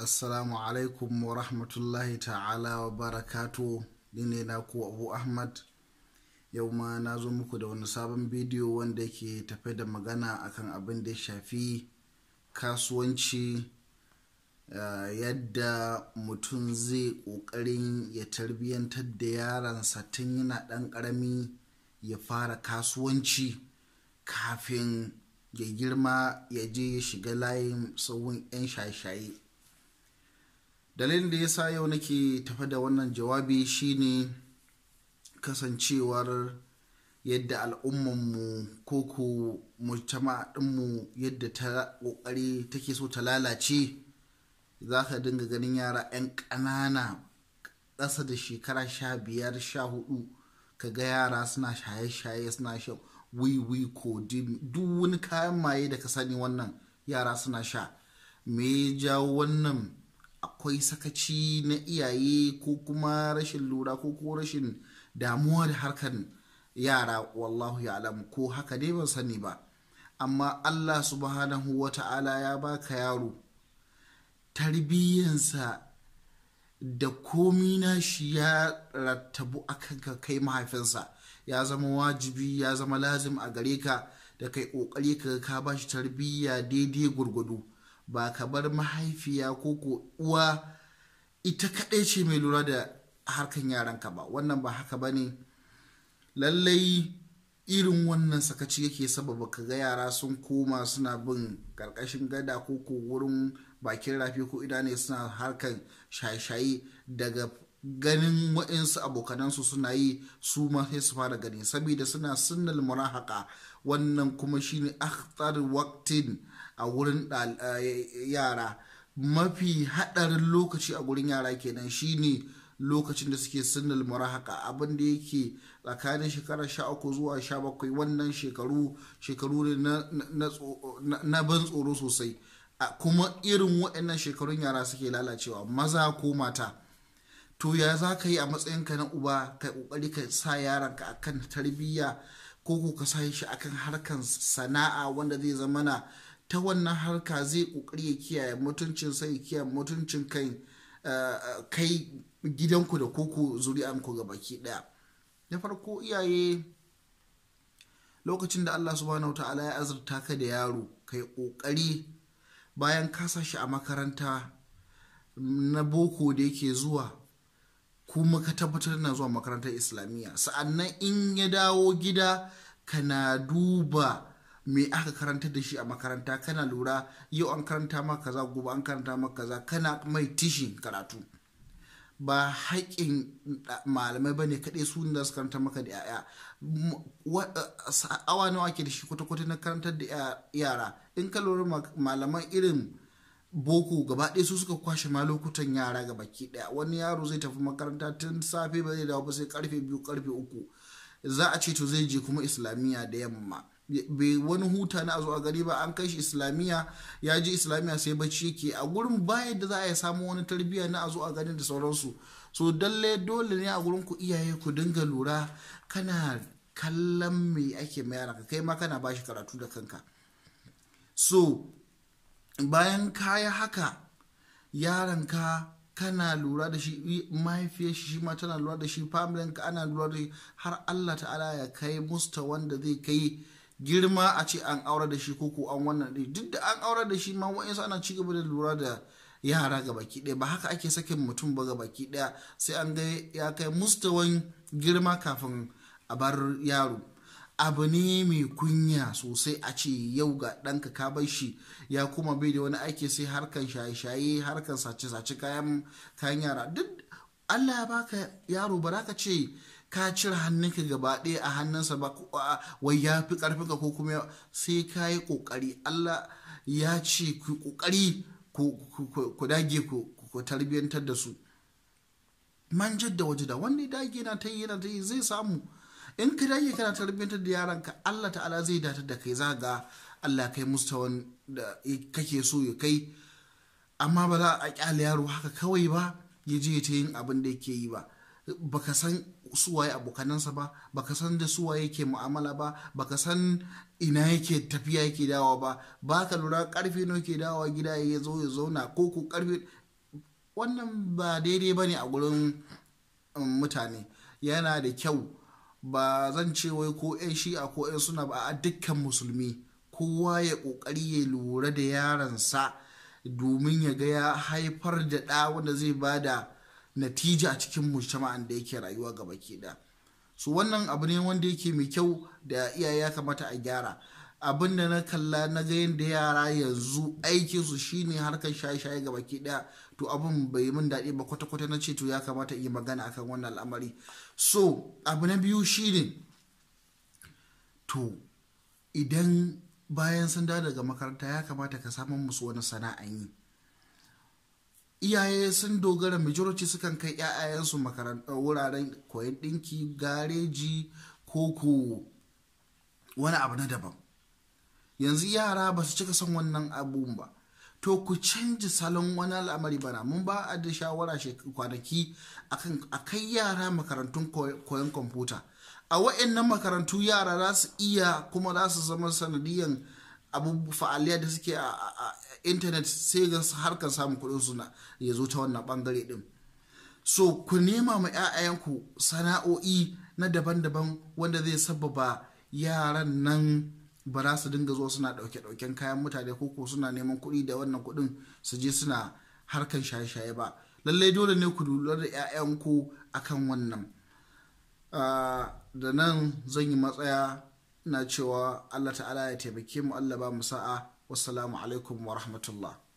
assalamu alaikum wa rahmatullahi ta'ala wa barakatu ni ne na ku abu ahmad yau ma na zo muku da wani sabon bidiyo wanda ke tafe da magana akan abin da ya shafi kasuwanci eh, yadda mutum zai ƙoƙarin ya tarbiyyantar da yaransa tun yana ɗan karami ya fara kasuwanci kafin ya girma ya je ya shiga layin tsawon 'yan shaye-shaye dalilin da ya sa yau nake tafa da wannan jawabi shine kasancewar yadda al'ummanmu ko ku mujtama ɗinmu yadda ta ƙoƙari take so ta lalace za ka dinga ganin yara 'yan ƙanana ƙasa da shekara sha biyar sha hudu ka ga yara suna shaye-shaye suna shan wiwi ko duk wani kayan maye da ka sani wannan yara suna sha me ya jawo wannan akwai sakaci na iyaye ko kuma rashin lura ko ko rashin damuwa da harkan yara wallahu ya'lam ko haka dai ban sani ba amma Allah subhanahu wa ta'ala ya baka yaro tarbiyyansa da komi na shi ya rattabu akan ka kai mahaifinsa ya zama wajibi ya zama lazim a gare ka da kai kokari ka ka bashi tarbiyya daidai gurgudu ba ka bar mahaifiya ko ko uwa ita kaɗai ce mai lura da harkan ka ba wannan ba haka ba ne lallai irin wannan sakaci yake sababa ka ga yara sun koma suna bin ƙarƙashin gada ko ko wurin bakin rafi ko idane suna harkan shaye-shaye daga ganin waɗansu abokanansu suna yi su ma sai su fara gani saboda suna sunnal murahaka wannan kuma shine akhtar waqtin a wurin yara mafi haɗarin lokaci a wurin yara kenan shine lokacin da suke sunnal murahaka abin da yake tsakanin shekara sha uku zuwa sha wannan shekaru shekaru ne na ban tsoro sosai kuma irin waɗannan shekarun yara suke lalacewa maza ko mata to ya za ka yi a matsayinka na uba ka kokari ka sa yaranka akan tarbiyya ko ko ka sa shi akan harkan sana'a wanda zai zama na ta wannan harka zai kokari ya kiyaye mutuncin sai kiyaye mutuncin kai eh, kai gidanku da koko zuri'anku ga baki daya na farko iyaye lokacin da Allah subhanahu ta'ala ya azurta ka da yaro kai kokari bayan ka shi a makaranta na boko da yake zuwa kuma ka tabbatar na zuwa makarantar islamiyya sa'annan in ya dawo gida kana duba mai aka karanta da shi a makaranta kana lura yau an karanta maka kaza gobe an karanta maka kaza kana mai tishin karatu ba haƙƙin malamai ba ne kaɗai su za su karanta maka da yaya awa nawa ke da shi kwata-kwata na karantar da yara in ka lura malaman irin boko gaba ɗaya su suka kwashe ma lokutan yara ga baki ɗaya wani yaro zai tafi makaranta tun safe ba zai dawo ba sai karfe biyu karfe uku za a ce to zai je kuma islamiyya da yamma bai wani huta na zo a gari ba an kai shi islamiyya ya je islamiyya sai bacci yake a gurin baya da za a samu wani tarbiyya na zo a gari da sauransu so dalle dole ne a gurin ku iyaye ku dinga lura kana kallon me ake mayar ka kai ma kana bashi karatu da kanka so bayan kaya haka ka kana lura da shi mahaifiyar shi shi tana lura da shi familin ka ana lura da shi har Allah ta'ala ya kai musta wanda zai kai girma a ce an aure da shi ko an wannan ɗin duk da an aure da shi ma wa'insu ana ci gaba da lura da yara ga baki ɗaya ba haka ake sakin mutum ba ga baki ɗaya sai an ga ya kai mustawan girma kafin a bar yaro abu ne mai kunya sosai a ce yau ga ɗanka ka bar shi ya kuma bai da wani aiki sai harkan shaye-shaye harkan sace-sace kayan kayan yara duk Allah ya baka yaro ba ka ce ka cire hannunka gaba ɗaya a hannunsa ba wai ya fi ƙarfinka ko kuma sai ka yi ƙoƙari Allah ya ce ku ƙoƙari ku dage ku tarbiyyantar da su man jadda waje da wani dage na ta yi na ta yi zai samu in ka dage kana tarbiyyantar da ka Allah ta'ala zai datar da kai za ga Allah kai mustawan da kake so ya kai amma ba za a kyale yaro haka kawai ba ya je ta yin abin da yake yi ba baka san suwaye abokanansa ba baka san da suwaye yake mu'amala ba baka san ina yake tafiya yake dawa ba Ba ka lura karfe nawa yake dawa gida ya zo ya zauna ko ko karfe wannan ba daidai bane a gurin um, mutane yana da kyau ba zan ce wai ko 'yan shi'a ko 'yan suna ba a dukkan musulmi kowa ya ƙoƙari ya lura da yaransa domin ya ga ya haifar da ɗa wanda zai ba da natija a cikin mujtama'an da yake rayuwa gaba ke da su wannan abu ne wanda yake mai kyau da iyaye ya kamata a gyara abin da na kalla na ga yadda yara yanzu aikin su shine harkar shaye-shaye ga baki daya to abin bai min daɗi ba kwata-kwata na ce to ya kamata yi magana akan wannan al'amari so abu na biyu shine to idan bayan sun dawo daga makaranta ya kamata ka samun musu wani sana'an yi iyaye sun dogara majority sukan kai 'ya'yayensu makaranta eh, wuraren koyon ɗinki gareji ko wani abu na daban yanzu yara ba su cika son wannan abun ba to ku canji salon wani al'amari bana mun ba a da shawara kwanaki a kai yara makarantun koyon kwamfuta a wa'annan makarantu yara za su iya kuma za su zama sanadiyan abubuwa fa'aliya da suke a intanet sai ga harkar samun kuɗin suna ya zo ta wannan bangare din so ku nema ma 'ya'yanku sana'o'i na daban-daban wanda zai sababa yaran nan ba za su dinga zuwa suna ɗauke-ɗauken kayan mutane ko ko suna neman kuɗi da wannan kuɗin su je suna harkan shaye-shaye ba lallai dole ne ku lura da 'ya'yanku akan wannan ah, da nan zan yi matsaya na cewa allah ta'ala ya taimake mu allah ba mu sa'a wassalamu alaikum wa rahmatullah